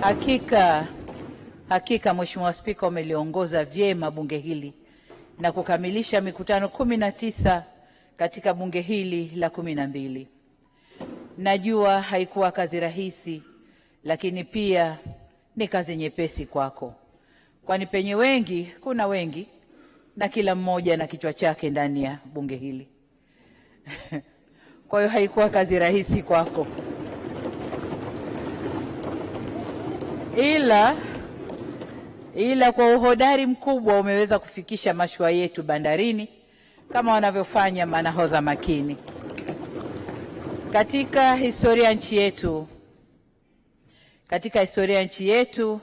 Hakika, hakika Mheshimiwa Spika, umeliongoza vyema bunge hili na kukamilisha mikutano kumi na tisa katika bunge hili la kumi na mbili. Najua haikuwa kazi rahisi, lakini pia ni kazi nyepesi kwako, kwani penye wengi kuna wengi na kila mmoja na kichwa chake ndani ya bunge hili. Kwa hiyo haikuwa kazi rahisi kwako. ila ila kwa uhodari mkubwa umeweza kufikisha mashua yetu bandarini kama wanavyofanya manahodha makini. Katika historia nchi yetu, katika historia nchi yetu,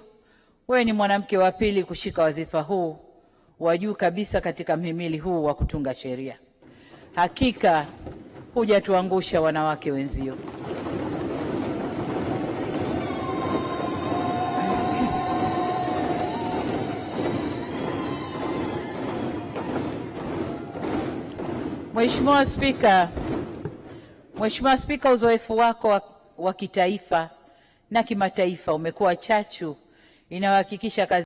wewe ni mwanamke wa pili kushika wadhifa huu wa juu kabisa katika mhimili huu wa kutunga sheria. Hakika hujatuangusha wanawake wenzio. Mheshimiwa Spika, Mheshimiwa Spika, uzoefu wako wa, wa kitaifa na kimataifa umekuwa chachu inayohakikisha kazi